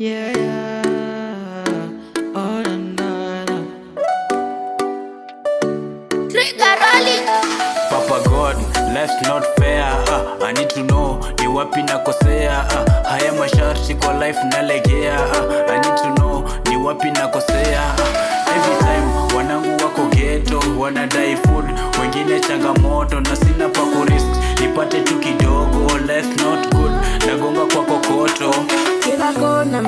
Yeah, yeah. Oh, na, na, na. Papa God, life's not fair uh, I need to know ni wapi nakosea uh, haya masharti kwa life nalegea uh, I need to know ni wapi nakosea uh, every time wanangu wako ghetto wanadai food wengine changamoto na sina pa kurisk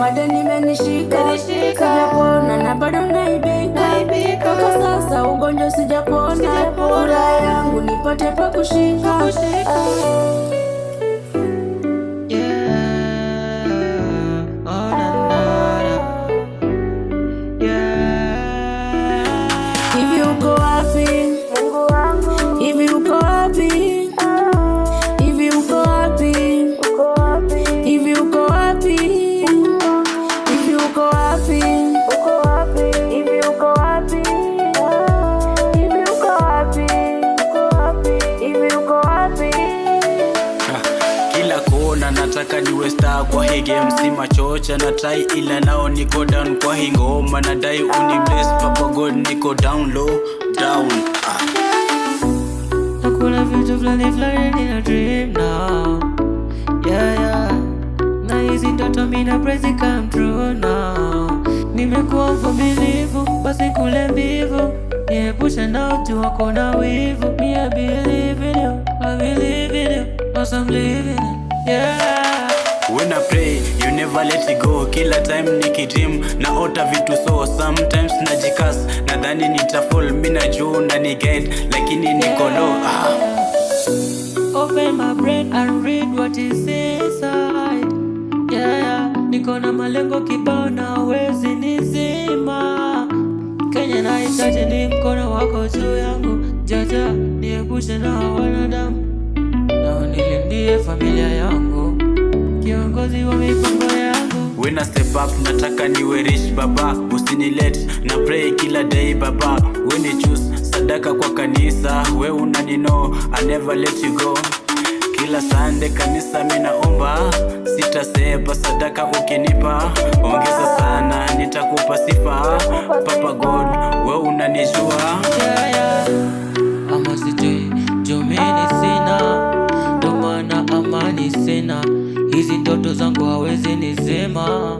Mada nimenishika sijapona, na bado naibika toka sasa, ugonjwa sijapona, furaha yangu nipate pa kushika ah. nataka niwe star kwa hii game, si machocha na try, ila nao niko down kwa hii ngoma, na dai uni bless papa God, niko down low down ah. Nakula vitu flani flani, ni na dream now yeah, yeah. Na hizi ndoto mina praise come true now, nimekuwa mvumilivu basi kule mbivu, niepusha na utu wako na wivu, me I believe in you, I believe cause I'm living yeah. When I pray, you never let it go. Kila time nikijim ota vitu so sometimes najikas nadhani nitafall mina juu na ni get lakini niko low ah. Open my brain and read what is inside. Yeah, niko na malengo kibao na wezi nizi nisaidie familia yangu, kiongozi wa mipango yangu. When I step up, nataka niwe rich baba, usini let na pray kila day baba, When you choose sadaka kwa kanisa, we unani unanino, I never let you go kila sande kanisa minaomba, sitaseba sadaka ukinipa, ongeza sana nitakupa sifa. Papa God, we unanijua nisena hizi ndoto zangu hawezi nizema.